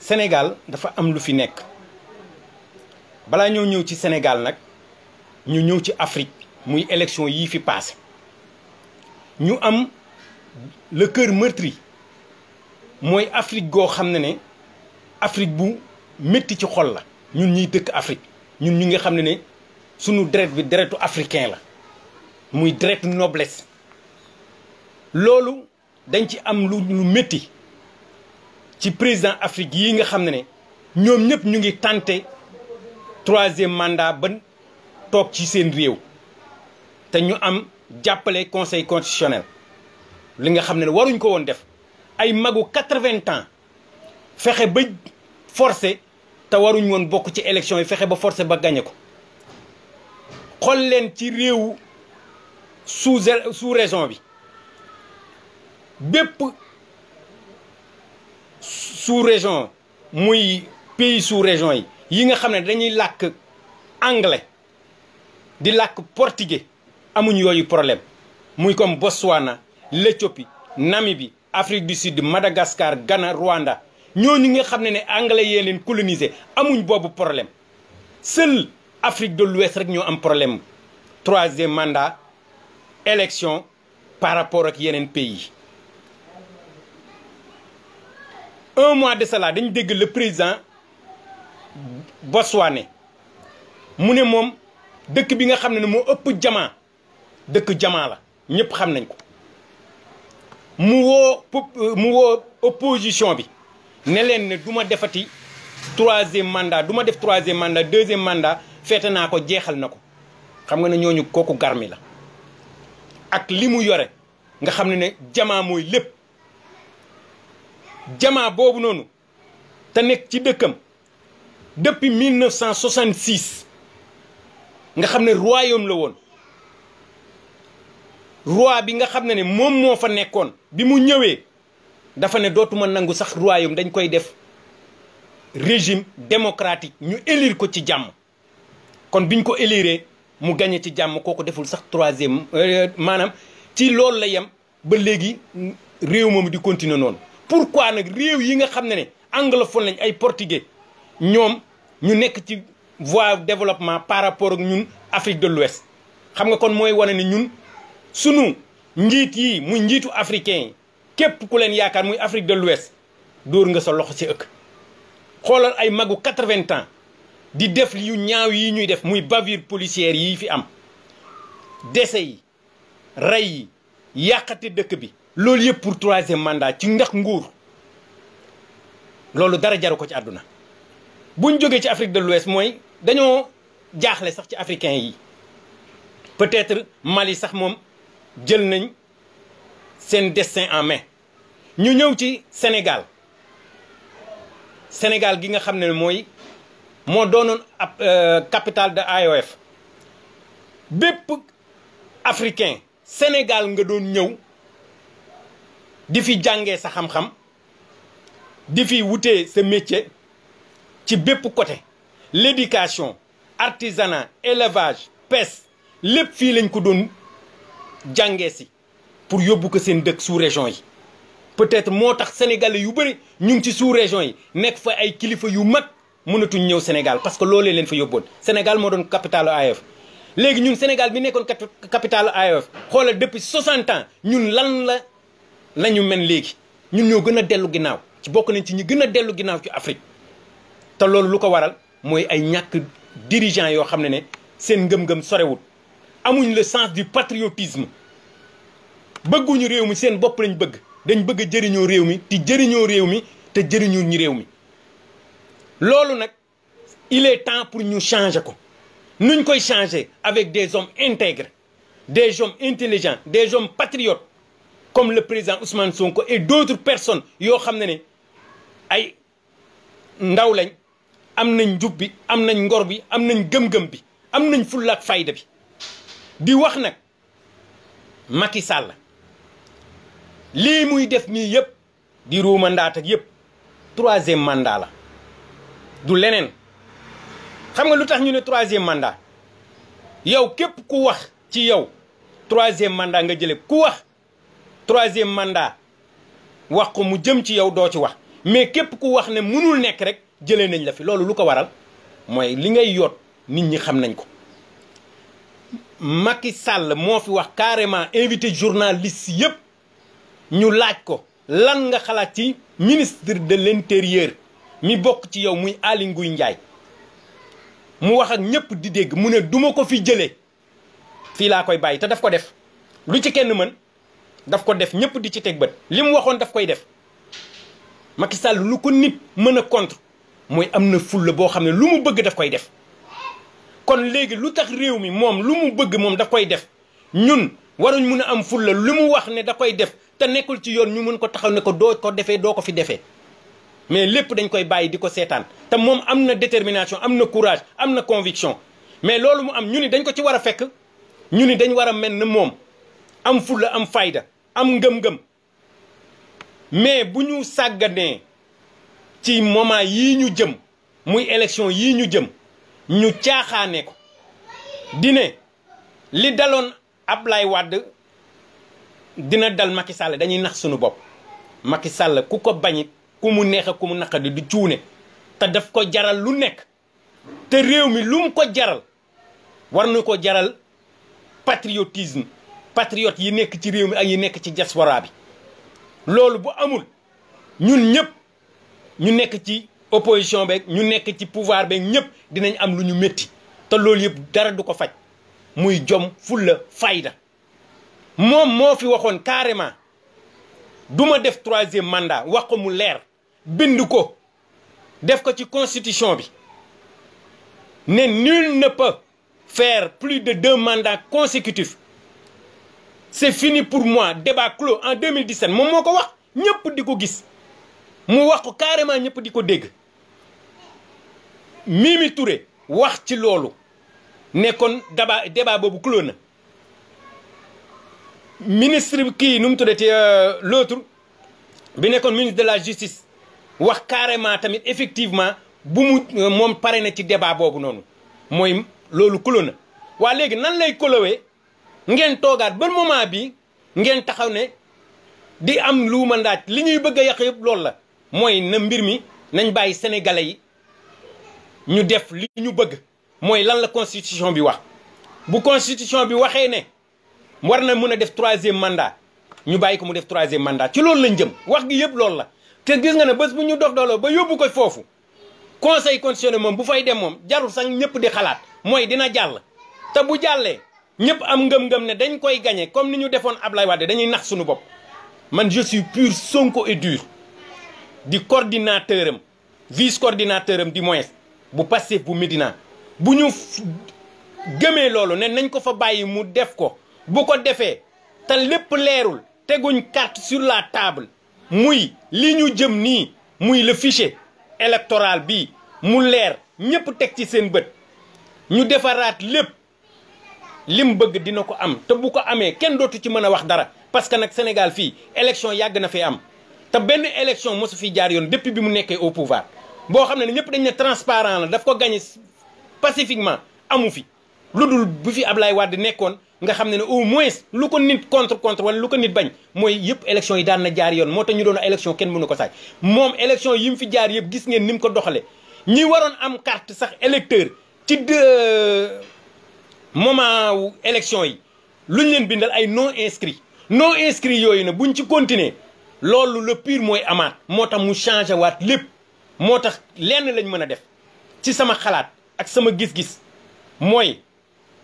Sénégal dafa am lu fi nekk balaa ñoo ñëw ci Sénégal nag ñu ñëw ci Afrique muy élection yii fi passé ñu am le kër meurtri mooy Afrique goo xam ne ne Afrique bu métti ci xol la ñun ñuy dëkk Afrique ñun ñu nga xam ne ne sunu deret bi deretu africain la muy deretu nobles loolu dañ ci am lu lu métti ci président Afrique yi nga xam ne ñoom ñëpp ñu ngi tenté troisième mandat ban toog ci seen réew te ñu am jàppale conseil constitutionnel li nga xam ne waruñ ko woon def ay magu quatre vingt ans fexe ba forcé te waruñ woon bokk ci élection yi fexe ba forcé ba gañe ko xool leen ci réewu sous sous-région bi bépp sous-région muy pays sous-région yi yi nga xam ne dañuy làkk anglais di làkk portugais amuñu yooyu problème muy comme Botswana l'Éthiopie Namibie Afrique du Sud Madagascar Ghana Rwanda ñooñu nga xam ne ne anglais yee leen colonisé amuñ boobu problème seul Afrique de l'Ouest rek ñoo am problème troisième mandat élection par rapport ak yeneen pays un mois de cela dañu dégg le président Botswana mu ne moom dëkk bi nga xam ne moo ëpp jamaa dëkk jamaa la ñëpp xam nañ ko mu woo euh, mu woo bi ne leen ne du ma defati troisième mandat du def troisième mandat deuxième mandat feete naa ko jeexal na ko xam nga ne kooku garmi la ak li mu yore nga xam ne ne jamaa mooy lépp jamaa boobu noonu te nekk ci dëkkam depuis 1966 nga xam ne royaume la woon roi bi nga xam ne ne moom moo fa nekkoon bi mu ñëwee dafa ne dootuma nangu sax royaume dañ koy def régime démocratique ñu élire ko ci jàmm kon biñ ko éliree mu gañe ci jàmm koo ko deful sax troisième euh, maanaam ci loolu la yem ba léegi réew moom di continuer noonu pourquoi nag réew yi nga xam ne ne anglophone lañ ay portugais ñoom ñu nekk ci voie développement par rapport ak ñun Afrique de l'Ouest xam nga kon mooy wane ne ñun sunu njiit yi muy njiitu africain yi képp ku leen yaakaar muy Afrique de l'Ouest dóor nga sa loxo ci ëkk xoolal ay magu quatre-vingts ans di def yu ñaaw yi ñuy def muy bavure policière yi fi am dese yi rey yi yàqate dëkk bi loolu yëpp pour troisième mandat ci ndax nguur loolu dara jaru ko ci àdduna buñ jógee ci Afrique de l'Ouest mooy dañoo jaaxle sax ci africain yi peut-être Mali sax moom jël nañ seen destin en mais ñu ñëw ci Sénégal Sénégal gi nga xam ne mooy moo doonoon ab euh, capital de AOF bépp africain Sénégal nga doon ñëw di fi jàngee sa xam-xam di fi wutee sa métier ci bépp côté l'éducation artisanat élevage pêche lépp fii lañ ko doon jàngee si pour yóbbu ko seen dëkk sous région yi peut-être moo tax sénégalais yu bëri ñu ngi ci sous région yi nekk fa ay kilifa yu mag mënatuñ ñëw Sénégal parce que loolee leen fa yóbboon Sénégal moo doon capitale AEF léegi ñun Sénégal bi nekkoon capitale AEF xoolal depuis 60 ans ñun lan la la ñu mel léegi ñun ñoo gën a dellu ginnaaw ci bokk nañ ci ñi gën a dellu ginnaaw ci Afrique te loolu lu ko waral mooy ay ñàkk dirigeant yoo xam ne ne seen ngëm-ngëm sorewul amuñ le sens du patriotisme bëgguñu réew mi seen bopp lañ bëgg dañ bëgg jëriñoo réew mi te jëriñoo réew mi te jëriñu ñu réew mi loolu nag il est temps pour ñu changer ko nuñ koy changer avec des hommes intègres des hommes intelligents des hommes patriotes comme le président Ousmane Sonko et d'autres personnes yoo xam ne ne ay ndaw lañ am nañ njub bi am nañ ngor bi am nañ gëm-gëm bi am nañ fullaak fayda bi di wax nag Macky Sall lii muy def nii yëpp di ruuma ndaat ak yëpp troisième mandat la du leneen xam nga lu tax ñu ne troisième mandat yow képp ku wax ci yow troisième mandat nga jële ku wax troisième mandat wax ko mu jëm ci yow doo ci wax mais képp ku wax ne mënul nekk rek jëlee nañ la fi loolu lu ko waral mooy li ngay yoot nit ñi xam nañ ko Macky Sall moo fi wax carrément invité journaliste yëpp ñu laaj ko lan nga xalaat ci ministre de l'intérieur mi bokk ci yow muy Aly Ngouille Ndiaye mu wax ak ñëpp di dégg mu ne duma ko fi jëlee fii laa koy bàyyi te daf ko def lu ci kenn mën daf ko def ñëpp di ci teg bët li mu waxoon daf koy def Macky Sall lu ko nit mën a contre mooy am na fulla boo xam ne lu mu bëgg daf koy def kon léegi lu tax réew mi moom lu mu bëgg moom daf koy def ñun waruñ mun a am fulla lu mu wax ne da koy def te nekkul ci yoon ñu mën ko taxaw ne ko doo ko defee doo ko fi defee mais lépp dañ koy bàyyi di ko seetaan te moom am na détermination am na courage am na conviction mais loolu mu am ñu ni dañ ko ci war a fekk ñu ni dañ war a mel ne moom am fulla am fayda am ngëm-ngëm mais bu ñu sàgganee ci moment yi ñu jëm muy élection yi ñu jëm ñu caaxaane ko dine li daloon Ablaye Wade dina dal Macky Sall dañuy nax sunu bopp Macky Sall ku ko bañit ku mu neex ku mu naqadi du cuune te daf ko jaral lu nekk te réew mi lu ko jaral war na ko jaral patriotisme patriote yi nekk ci réew mi ak yi nekk ci diaspora bi loolu bu amul ñun ñëpp ñu nekk ci opposition beeg ñu nekk ci pouvoir beeg ñëpp dinañ am lu ñu métti te loolu yëpp dara du ko faj muy jom fulla fayda moom moo fi waxoon carrément duma def troisième mandat wax ko mu leer bind ko def ko ci constitution bi ne nul ne peut plus de deux mandats consécutifs c'est fini pour moi débat clos en 2017 moom moo ko wax ñëpp di ko gis mu wax ko carrément ñëpp di ko dégg Mimi Touré wax ci loolu nekkoon kon débat boobu clos na ministre kii nu mu tuddati euh, l'autre bi nekkoon ministre de la justice wax carrément tamit effectivement bu mu euh, moom pare na ci débat boobu noonu mooy loolu clos na waa léegi nan lay colowee ngeen toogaat ba moment bi ngeen taxaw ne di am lu ndaaj li ñuy bëgg a yàq yëpp loolu la mooy na mbir mi nañ bàyyi sénégalais yi ñu def li ñu bëgg mooy lan la constitution bi wax bu constitution bi waxee ne war na mën a def troisième mandat ñu bàyyi ko mu def troisième mandat ci loolu lañ jëm wax gi yëpp loolu la te gis nga ne bés bu ñu dox dooloo ba yóbbu ko foofu conseil constitutionnel moom bu fay dem moom jarul sax ñëpp di xalaat mooy dina jàll te bu jàllee ñëpp am ngëm-ngëm ne dañ koy gagné comme ni ñu defoon Ablaye Wade dañuy nax sunu bopp man je suis pur Sonko et dur di coordinateur am vice coordinateur am du moins bu Pastef bu Médina bu ñu gëmee loolu ne nañ ko fa bàyyi mu def ko bu ko defee te lépp leerul teguñ carte sur la table muy li ñu jëm nii muy le fichier électoral bi mu leer ñëpp teg ci seen bët ñu defaraat lépp lim bëgg dina ko am te bu ko amee kenn dootu ci mën a wax dara parce que nag Sénégal fii élection yàgg na fi am te benn élection mosu fi jaar yoon depuis bi mu nekkee au pouvoir boo xam ne ne ñëpp dañ ne transparent la daf ko gagné pacifiquement amu fi lu dul bu fi Ablaye Wade nekkoon nga xam ne ne au moins lu ko nit contre contre wala lu ko nit bañ mooy yëpp élection yi daan na jaar yoon moo tax ñu doon élection kenn mënu ko saaj moom élection yi fi jaar yëpp gis ngeen ni mu ko doxalee ñi waroon am carte sax électeur ci moment wu élection yi lu ñu leen bindal ay non inscrits non inscrits yooyu nag ñu ci continuer loolu le pire mooy amaat moo tax mu changé waat lépp moo tax lenn lañ mën a def ci sama xalaat ak sama gis-gis mooy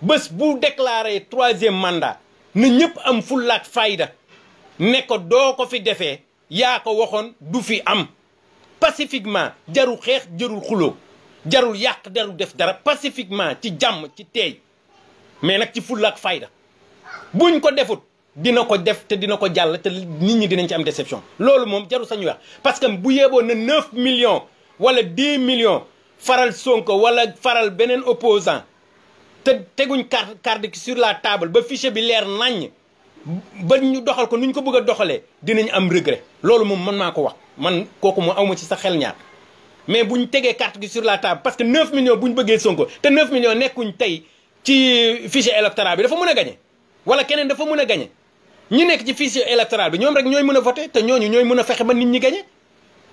bés bu déclaré troisième mandat na ñëpp am fullaak fayda ne ko doo ko fi defee yaa ko waxoon du fi am pacifiquement jarul xeex jarul xuloo jarul yàq jarul def dara pacifiquement ci jàmm ci teey mais nag ci fulla ak fayda buñ ko defut dina ko def te dina ko jàll te nit ñi dinañ ci am déception loolu moom jarul sañu wax parce que bu yeeboon na 9 million wala 10 million faral Sonko wala faral beneen opposant te teguñ carte carte sur la table ba fichier bi leer naññ ba ñu doxal ko nu ñu ko bëgg a doxalee dinañ am regret loolu moom man maa ko wax man kooku moo awma ci sa xel ñaar mais bu ñu tegee carte gi sur la table parce que 9 millions bu ñu te 9 millions nekkuñ tey ci fichier électoral bi dafa mën a gagné wala keneen dafa mën a gagné ñi nekk ci fichier électoral bi ñoom rek ñooy mën a voté te ñooñu ñooy mën a fexe ba nit ñi gagné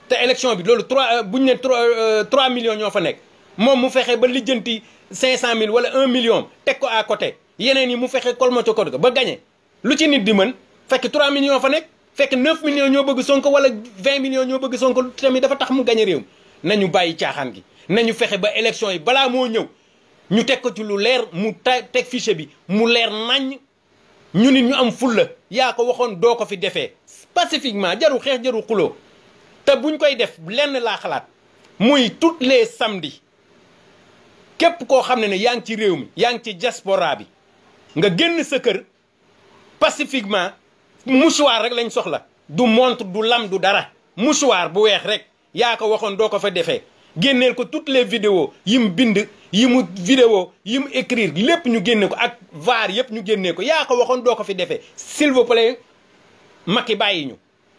te élection bi loolu trois euh, bu ñu ne trois euh, trois millions ñoo fa nekk moom mu fexe ba lijjanti cinq cent mille wala un million teg ko à côté yeneen yi mu fexe kolmaco ko ba gañe lu ci nit di mën fekk trois millions fa nekk fekk neuf millions ñoo bëgg Sonko wala vingt millions ñoo bëgg Sonko tamit dafa tax mu gagné réew nañu bàyyi caaxaan gi nañu fexe ba élection yi balaa moo ñëw ñu teg ko ci lu leer mu teg fichier bi mu leer nañ ñu nit ñu am fulla yaa ko waxoon doo ko fi defee pacifiquement jaru xeex jaru xuloo te buñ koy def lenn laa xalaat muy toutes les samdi képp koo xam ne ne yaa ngi ci réew mi yaa ngi ci diaspora bi nga génn sa kër pacifiquement mouchoir rek lañ soxla du montre du lam du dara mouchoir bu weex rek yaa ko waxoon doo ko fa defee génneel ko toutes les yi mu bind yi mu vidéo yi mu écrire lépp ñu génne ko ak vaar yëpp ñu génnee ko yaa ko waxoon doo ko fi defee s'il vous plaît Macky bàyyi ñu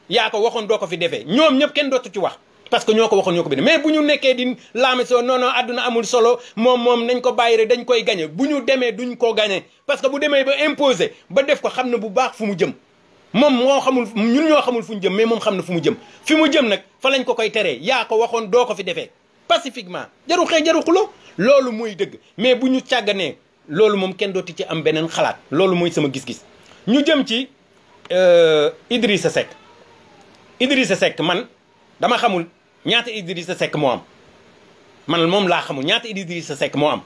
yaa ko waxoon doo ko fi defee ñoom ñëpp kenn dootu ci wax parce que ñoo ko waxoon ñoo ko bind mais bu ñu nekkee di laame soo non àdduna amul solo moom moom nañ ko bàyyi rek dañ koy gagné bu ñu demee duñ ko gagné parce que bu demee ba imposé ba def ko xam na bu baax fu mu jëm moom moo xamul ñun ñoo xamul fu mu jëm mais moom xam na fu mu jëm fi mu jëm nag fa lañ ko koy teree yaa ko waxoon doo ko fi defee pacifiquement jaru xëy jaru xulo loolu mooy dëgg mais bu ñu càgganee loolu moom kenn dootu ci am beneen xalaat loolu mooy sama gis-gis ñu jëm ci idri euh, Idrissa Seck Idrissa Seck man dama xamul ñaata Idrissa Seck moo am man moom laa xamul ñaata Idrissa Seck moo am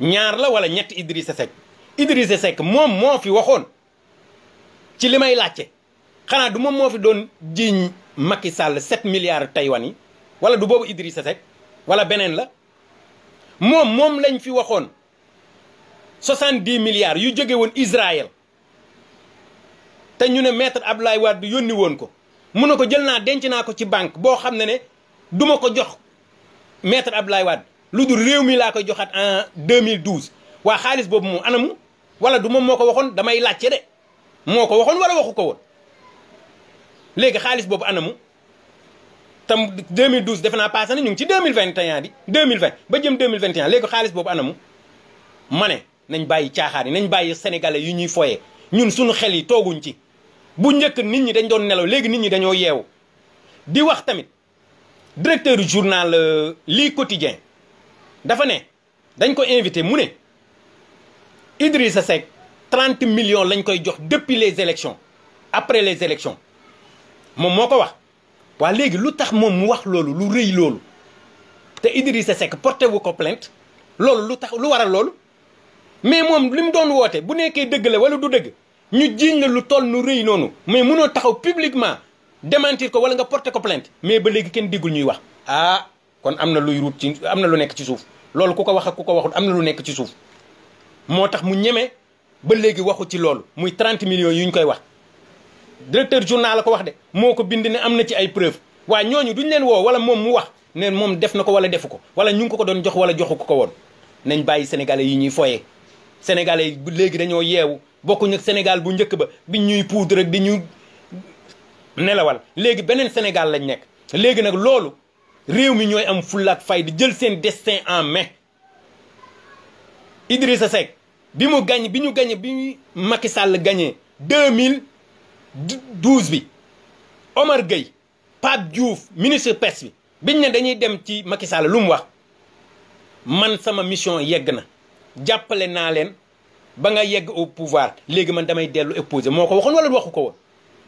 ñaar la wala ñetti Idrissa Seck Idrissa Seck moom moo fi waxoon ci li may laajte xanaa du moom moo fi doon jiiñ Macky sàll 7 milliards Taïwan yi wala du boobu sa Seck wala beneen la moom moom lañ fi waxoon soixante-dix milliards yu jóge woon Israël te ñu ne maître Abdoulaye Wade bi yónni woon ko mu ne ko jël naa denc naa ko ci banque boo xam ne ne duma ko jox maître Abdoulaye Wade lu dul réew mi laa koy joxaat en 2012 waa xaalis boobu moom anamu wala du moom moo ko waxoon damay laajte de moo ko waxoon wala waxu ko woon léegi xaalis boobu anamu tam 2012 defe naa passé na ñu ngi ci 2021 di 2020 ba jëm 2021 léegi xaalis boobu anamu ma ne nañ bàyyi caaxaan yi nañ bàyyi sénégalais yu ñuy foyee ñun suñu xel yi tooguñ ci bu njëkk nit ñi dañ doon nelaw léegi nit ñi dañoo yeewu di wax tamit directeur journal euh, lii quotidien dafa ne dañ ko invité mu ne Idrissa Seck 30 millions lañ koy jox depuis les élections après les élections moom moo ko wax waa léegi lu tax moom mu wax loolu lu rëy loolu te Idrissa Seck porté wu ko plainte loolu lu tax lu waral loolu mais moom li mu doon woote bu nekkee dëgg la wala du dëgg ñu jiiñ la lu toll nu rëy noonu mais munoo taxaw publiquement démentir ko wala nga porté ko plainte mais ba léegi kenn déggul ñuy wax ah kon am na luy ruut ci am na lu nekk ci suuf loolu ku ko wax ak ku ko waxul am na lu nekk ci suuf moo tax mu ñeme ba léegi waxu ci loolu muy 30 millions yu ñu koy wax directeur journal la ko wax de moo ko bind ne am na ci ay preuve waa ñooñu duñ leen woo wala moom mu wax ne moom def na ko wala defu ko wala ñu ngi ko ko doon jox wala joxu ko ko woon nañ bàyyi sénégalais yi ñuy foyee sénégalais yi léegi dañoo yeewu bokkuñu ak sénégal bu njëkk ba bi ñuy poudre rek di ñuy nelawal léegi beneen sénégal lañ nekk léegi nag loolu réew mi ñooy am fulla fay di jël seen destin en main Idrissa Seck bi mu gañ bi ñu gañe bi Macky Sall gañee deux mille douze bi Omar Gueye Pape Diouf ministre pêche bi biñ ne dañuy dem ci Macky Sall lu mu wax man sama mission yegg na jàppale naa leen ba nga yegg au pouvoir léegi man damay dellu opposé moo ko waxoon wala waxu ko woon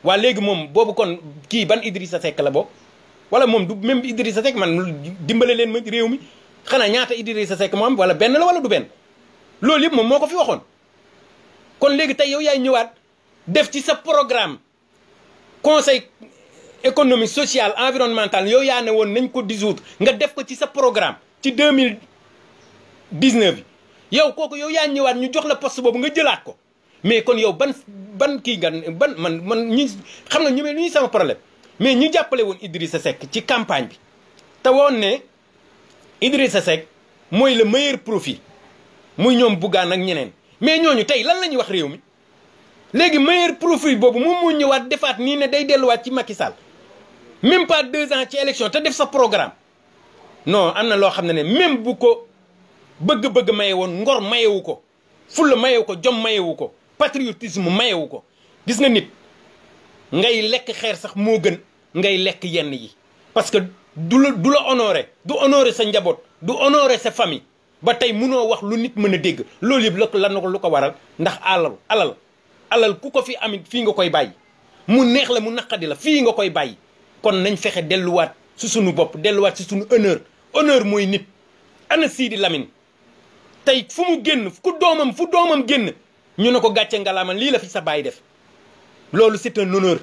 waa léegi moom boobu kon kii ban sa sekk la bokk wala moom du même sa Seck man dimbale leen ma réew mi xanaa ñaata Idrissa Seck moo am wala benn la wala du benn loolu yëpp moom moo ko fi waxoon kon léegi tey yow yaay ñëwaat def ci sa programme conseil économique social environnemental yow yaa ne woon nañ ko dissoudre nga def ko ci sa programme ci deux mille dix bi yow kooku yow yaa ñëwaat ñu jox la poste boobu nga jëlaat ko mais kon yow ban ban kii nga ban man man ñu xam nga ñu mel ñuy sama problème mais ñu jàppale woon sa Seck ci campagne bi te woon ne Idrissa Seck mooy le meilleur profil muy ñoom Bougane ak ñeneen mais ñooñu tey lan la ñuy wax réew mi. léegi meilleur profil boobu moom moo ñëwaat defaat nii ne day delluwaat ci Macky Sall même pas deux ans ci élection te def sa programme non am na loo xam ne ne même bu ko bëgg-bëgg maye woon ngor mayewu ko fulla mayewu ko jom mayewu ko patriotisme mayewu ko gis nga nit ngay lekk xeer sax moo gën ngay lekk yenn yi parce que du la du la honoré du honoré sa njaboot du honoré sa famille ba tey munoo wax lu nit mën a dégg loolu yëpp la ko lan lu ko waral ndax alal alal alal ku ko fi amit fii nga koy bàyyi mu neex la mu naqadi la fii nga koy bàyyi kon nañ fexe delluwaat si sunu bopp delluwaat si suñu honneur honneur mooy nit ana di lamin tey fu mu génn ku doomam fu doomam génn ñu ne ko gàcce ngalaama lii la fi sa baay def loolu c'est un honneur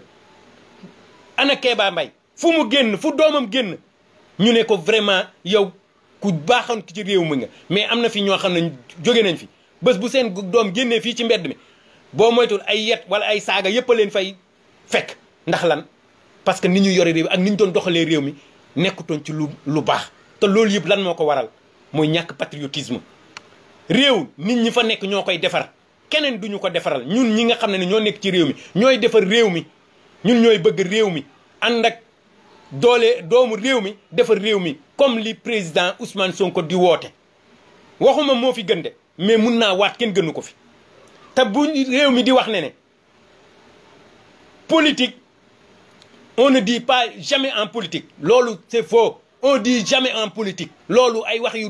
ana Kéba Mbaye mu génn fu doomam génn ñu ne ko vraiment yow ku baaxoon ci réew mi nga mais am na fi ñoo xam nañ jóge nañ fi bés bu seen doom génnee fii ci mbedd mi boo moytul ay yet wala ay saaga yëpp a leen fay fekk ndax lan parce que ni ñu yore réew mi ak ni ñu doon doxalee réew mi nekkutoon ci lu lu baax te loolu yëpp lan moo ko waral mooy ñàkk patriotisme réew nit ñi fa nekk ñoo koy defar keneen duñu ko defaral ñun ñi nga xam ne ñoo nekk ci réew mi ñooy defar réew mi ñun ñooy bëgg réew mi ànd ak doole doomu réew mi defar réew mi comme li président Ousmane ko di woote waxuma moo fi gën de mais mun naa waat kenn gënu ko fi te bu réew mi di wax ne ne politique on ne di pas jamais en politique loolu c'est faux on dit jamais en politique loolu ay wax yu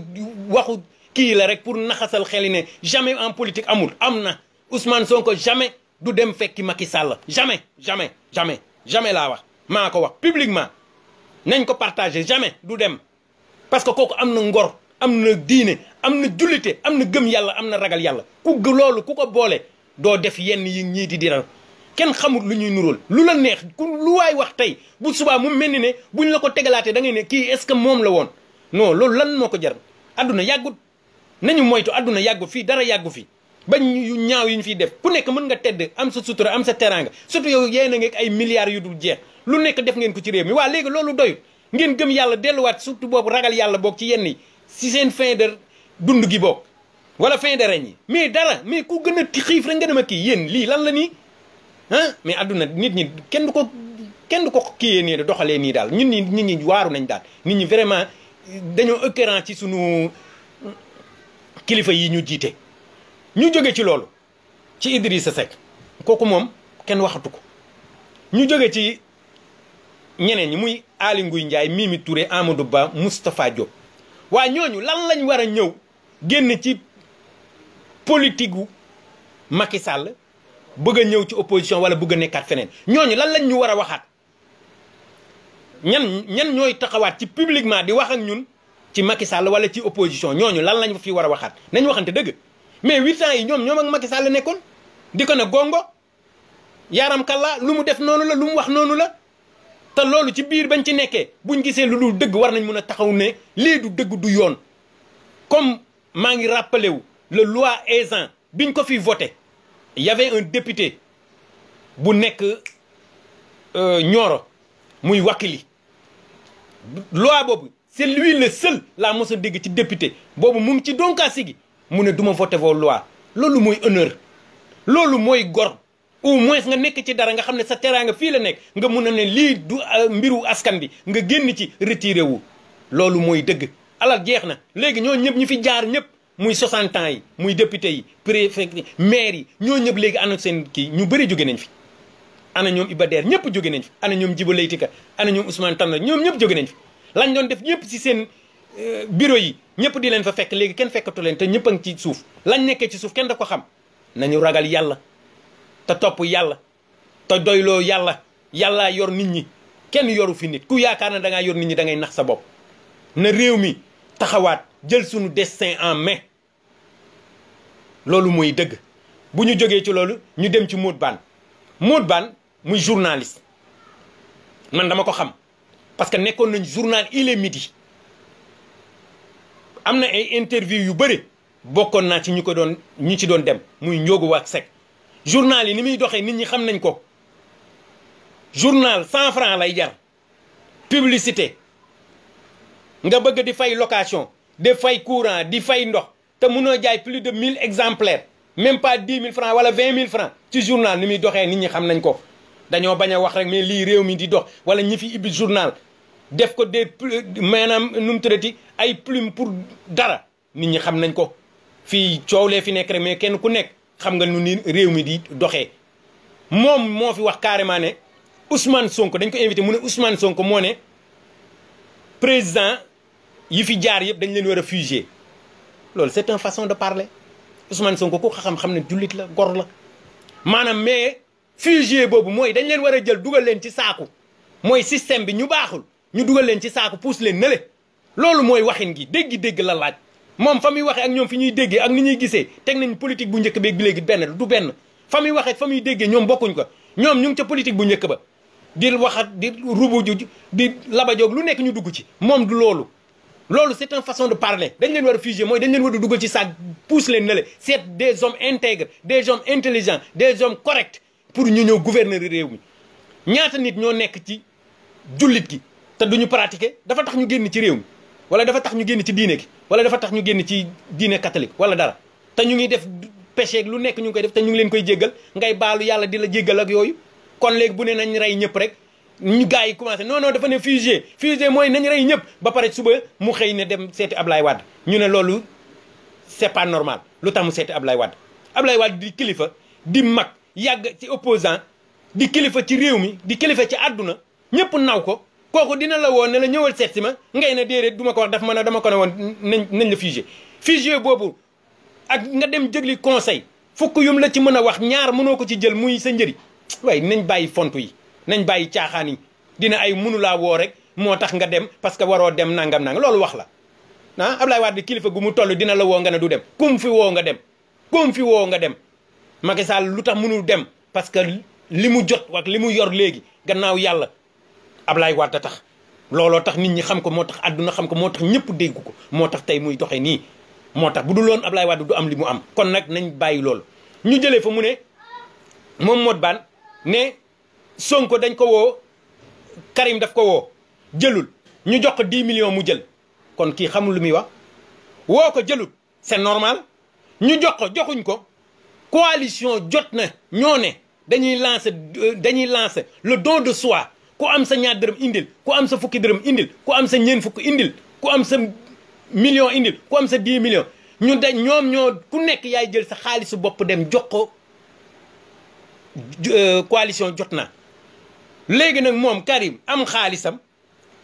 waxu kii la rek pour naxasal xel yi jamais en politique amul am na Ousmane Sonko jamais du dem fekki Macky Sall jamais jamais jamais jamais la wax maa ko wax publiquement nañ ko partager jamais du dem parce que kooku am na ngor am na diine am na jullite am na gëm yàlla am na ragal yàlla ku loolu ku ko boole doo def yenn yi ñii di dina kenn xamul lu ñuy nuróol lu la neex ku lu waay wax tey bu subaa mu mel ne ne ñu la ko tegalaatee da ngay ne kii est-ce que moom la woon non loolu lan moo ko jar adduna yàggut nañu moytu adduna yàggu fii dara yàggu fii bañ yu ñaaw yi ñu fiy def ku nekk mën nga tedd am sa sutura am sa teraanga surtout yow yee na ngeen ay milliards yu dul jeex lu nekk def ngeen ko ci réew mi waa léegi loolu doyut ngeen gëm yàlla delluwaat surtout boobu ragal yàlla boog ci yenn yi si seen dund gi boog wala fin de règne mais dara mais ku gën a xiif rek nga dem a kii yéen lii lan la nii ah mais adduna nit ñi kenn du ko kenn du ko kiyee nii doxalee nii daal ñun ñi nit ñi waaru nañ daal nit ñi vraiment dañoo ëkkërant ci sunu kilifa yi ñu jiite ñu jóge ci loolu ci Idrissa Seck kooku moom kenn waxatu ko ñu jóge ci ñeneen ñi muy Aly Ngouille Ndiaye Mimi Touré Amadou Ba Moustapha Diop waa ñooñu lan lañu war a ñëw génn ci politique gu Macky bëgg a ñëw ci opposition wala bëgg a nekkaat feneen ñooñu lan lañ ñu war a waxaat ñan ñan ñooy taxawaat ci publiquement di wax ak ñun ci Macky Sall wala ci opposition ñooñu lan lañ fi war a waxaat nañ waxante dëgg mais huit ans yi ñoom ñoom ak Macky Sall nekkoon di ko ne gongo yaaram kàlla lu mu def noonu la lu mu wax noonu la te loolu ci biir bañ ci nekkee buñ gisee lu dul dëgg war nañ mun a taxaw ne lii du dëgg du yoon maa ngi rappelé wu le loi Aisan biñ ko fi voté y avait un député bu nekk euh, Nioro muy Wakili loi boobu c'est lui le seul laa mosa dégg ci député boobu mu ngi ci donkaasi gi mu ne du ma voté vos lois loolu mooy honneur loolu mooy gor au moins nga nekk ci dara nga xam ne sa teraanga fii la nekk nga mun a ne lii du euh, mbiru askan bi nga génn ci retiré wu loolu mooy dëgg alal jeex na léegi ñoo ñëpp ñu fi jaar ñëpp muy 60 ans yi muy député yi préfet yi maire yi ñoo ñëpp léegi ana seen kii ñu bëri jóge nañ fi ana ñoom Iba Der ñëpp jóge nañ fi ana ñoom Djibo Leyti Ka ana ñoom Ousmane Tanor ñoom ñëpp jóge nañ fi lañ doon def ñëpp si seen euh, bureau yi ñëpp di leen fa fekk léegi kenn fekkatu leen te ñëpp a ngi ci suuf lañ nekkee ci suuf kenn da ko xam nañu ragal yàlla te topp yàlla te doyloo yàlla yàllaa yor nit ñi kenn yoru fi nit ku yaakaar na da yor nit ñi da ngay nax sa bopp na réew mi taxawaat jël sunu destin en mais loolu mooy dëgg bu ñu jógee ci loolu ñu dem ci Modou Bane Modou Bane muy journaliste man dama ko xam parce que nekkoon nañ journal il est am na ay interview yu bëri bokkoon naa ci ñu ko doon ñu ci doon dem muy Ndiogou Wack Seck journal yi ni muy doxee nit ñi xam nañ ko journal cent franc lay jar publicité nga bëgg di fay location di fay courant di fay ndox te mënoo jaay plus de mille exemplaires même pas dix mille francs wala vingt mille francs ci journal ni muy doxee ni ñi xam nañ ko dañoo bañ a wax rek mais lii réew mi di dox wala ñi fi ibbi journal def ko des maanaam nu mu tuddati ay plume pour dara nit ñi xam nañ ko fii coow lee fi nekk rek mais kenn ku nekk xam nga nu ni réew mi di doxee moom moo fi wax carrément ne Ousmane Sonko dañ ko invité mu ne Ousmane Sonko moo ne président yi fi jaar yëpp dañ leen war a fugé loolu c'est une façon de parler Ousmane Sonko ku xam-xam ne jullit la gor la maanaam mais fugé boobu mooy dañ leen war a jël dugal leen ci saaku mooy système bi ñu baaxul ñu dugal leen ci saaku puus leen nële loolu mooy waxin gi dégg-dégg la laaj moom fa muy waxee ak ñoom fi ñuy déggee ak ni ñuy gisee teg nañ politique bu njëkk beeg bi léegi benn du benn waxee fa muy déggee ñoom bokkuñ ko ñoom ñu ngi ca politique bu njëkk ba di wax ak di rubu ju di labajoog lu nekk ñu dugg ci moom du loolu loolu c'est une façon de parler dañ leen war a fugé mooy dañ leen war a dugal ci saag pousse leen ne la des hommes intègres des hommes intelligents des hommes corrects pour ñu ñëw gouverner réew mi ñaata nit ñoo nekk ci jullit gi te duñu pratiquer dafa tax ñu génn ci réew mi wala dafa tax ñu génn ci diine gi wala dafa tax ñu génn ci diine catholique wala dara te ñu ngi def péché lu nekk ñu ngi koy def te ñu ngi leen koy jéggal ngay baalu yàlla di la jéggal ak yooyu kon léegi bu nañ rey ñëpp rek ñu gars yi commencé non non dafa ne fusée fusée mooy nañ rey ñëpp ba pare suba mu xëy ne dem seeti Ablaye Wade ñu ne loolu c'est pas normal lu tax mu seeti Ablaye Wade Ablaye Wade di kilifa di mag yàgg ci opposant di kilifa ci réew mi di kilifa ci àdduna ñëpp naw ko kooku dina la woon ne la ñëwal seet si ma ngay ne déedéet duma ko wax daf ma ne dama ko ne woon nañ nañ la fusée fusée boobu ak nga dem jëgli conseil fukk yum la ci mën a wax ñaar mënoo ko ci jël muy sa njëriñ waaye nañ bàyyi fontu yi nañ bàyyi caaxaan yi dina ay mënulaa woo rek moo tax nga dem parce que waroo dem nangam nangam loolu wax la ah Ablaye Wade kilifa gu mu toll dina la woo nga ne du dem kum fi woo nga dem kum fi nga dem Macky lu tax mënul dem parce que li mu jot ak li mu yor léegi gannaaw yàlla Ablaye Wade tax looloo tax nit ñi xam ko moo tax àdduna xam ko moo tax ñëpp dégg ko moo tax tey muy doxee nii moo tax bu dul woon Ablaye Wade du am li mu am kon nag nañ bàyyi loolu ñu jëlee fa mu ne moom Modou ne Sonko dañ ko woo Karim daf ko woo jëlul ñu jox ko 10 millions mu jël kon kii xamul lu muy wax woo ko jëlul c'est normal ñu jox ko joxuñ ko coalition jot na ñoo ne dañuy lancer dañuy lancer le don de soi ku am sa ñaar dërëm indil ku am sa fukki dërëm indil ku am sa ñeen fukk indil ku am sa million indil ku am sa 10 millions ñu dañ ñoom ñoo ku nekk yaay jël sa xaalisu bopp dem jox ko euh, coalition jot na léegi nag moom Karim am xaalisam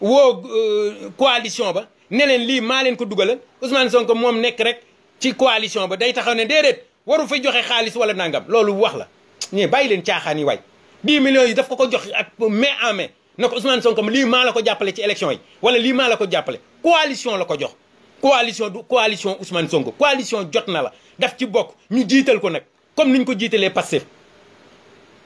woo euh, coalition ba ne leen lii maa leen ko dugalal Ousmane Sonko moom nekk rek ci coalition ba day taxaw ne déedéet waru fa joxe xaalis wala nangam loolu wax la ñii bàyyi leen caaxaan yi waay 10 millions yi daf ko ko jox ak main en main na ko Ousmane Sonko lii maa la ko jàppale ci élection yi wala lii maa la ko jàppale coalition la ko jox coalition du coalition Ousmane Sonko coalition jot na la daf ci bokk ñu jiital ko nag comme ñu ko jiitalee Pastef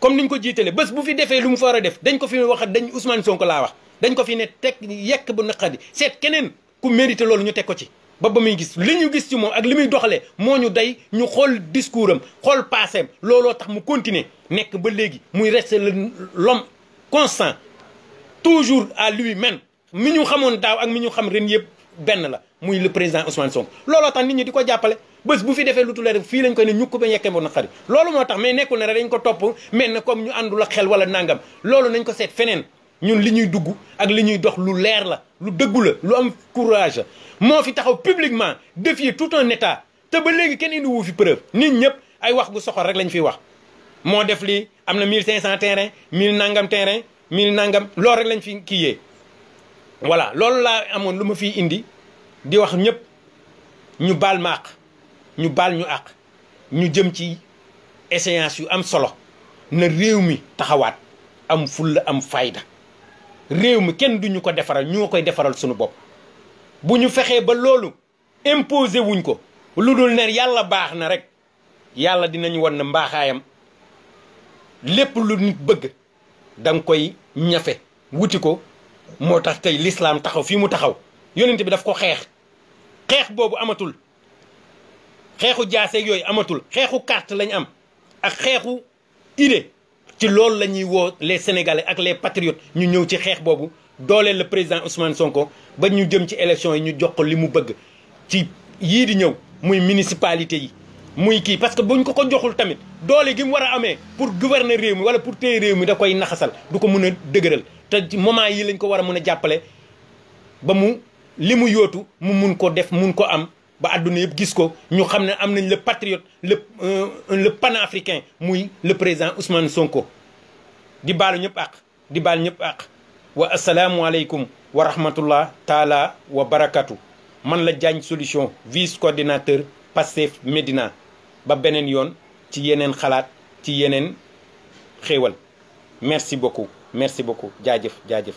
comme niñ ko jiitale bés bu fi defee lu mu fa war a def dañ ko fi wax dañ Ousmane Sonko laa wax dañ ko fi ne teg yekk bu naqadi seet keneen ku mérité loolu ñu teg ko ci ba ba muy gis li ñu gis ci moom ak li muy doxalee moo ñu day ñu xool discours am xool passé am looloo tax mu continuer nekk ba léegi muy rester l'homme constant toujours à lui-même mi ñu xamoon daaw ak mi ñu xam ren yëpp benn la muy le président Ousmane Sonko looloo tax nit ñi di ko jàppale bës bu fi defee lu tulee def fii lañ ko ne ñukk ba yekkee mo na xari loolu moo tax mais nekkul ne rek dañ ko topp mel na comme ñu àndul ak xel wala nangam loolu nañ ko seet feneen ñun li ñuy dugg ak li ñuy dox lu leer la lu dëggu la lu am courage moo fi taxaw publiquement défier tout un état te ba léegi kenn indi wu fi preuve nit ñëpp ay wax gu soxor rek lañ fiy wax moo def li am na 1500 terrain 1000 nangam terrain 1000 nangam loolu rek lañ fi kiyee voilà loolu laa amoon lu ma fiy indi di wax ñëpp ñu baal maaq ñu baal ñu àq ñu jëm ci échéance yu am solo na réew mi taxawaat am fulla am fayda réew mi kenn duñu ko defaral ñoo koy defaral suñu bopp bu ñu fexee ba loolu imposé wuñ ko lu dul ne yàlla baax na rek yàlla dinañ won na mbaaxaayam lépp lu nit bëgg danga koy ñafe wuti ko moo tax tey lislaam taxaw fii mu taxaw yonent bi daf ko xeex xeex boobu amatul xeexu jaaseeg yooyu amatul xeexu carte lañ am ak xeexu idée ci loolu la ñuy woo les sénégalais ak les patriotes ñu ñëw ci xeex boobu dooleel la président Ousmane Sonko ba ñu jëm ci élection yi ñu jox ko li mu bëgg ci yii di ñëw muy municipalité yi muy kii parce que buñ ko ko joxul tamit doole gi mu war a amee pour gouverner réew mi wala pour téye réew mi da koy naxasal du ko mun a dëgëral te moment yii lañ ko war a mun a jàppale ba mu li mu yootu mu mun ko def mun ko am ba àdduna yëpp gis ko ñu xam ne am nañ le patriote le euh, le panafricain muy le président Ousmane Sonko di baalu ñëpp àq di baal ñëpp àq wa asalaamualeykum wa rahmatullah taala wa barakatu man la Diagne Solution vice coordinateur Pastef Médina ba beneen yoon ci yeneen xalaat ci yeneen xéewal merci beaucoup merci beaucoup jaajëf jaajëf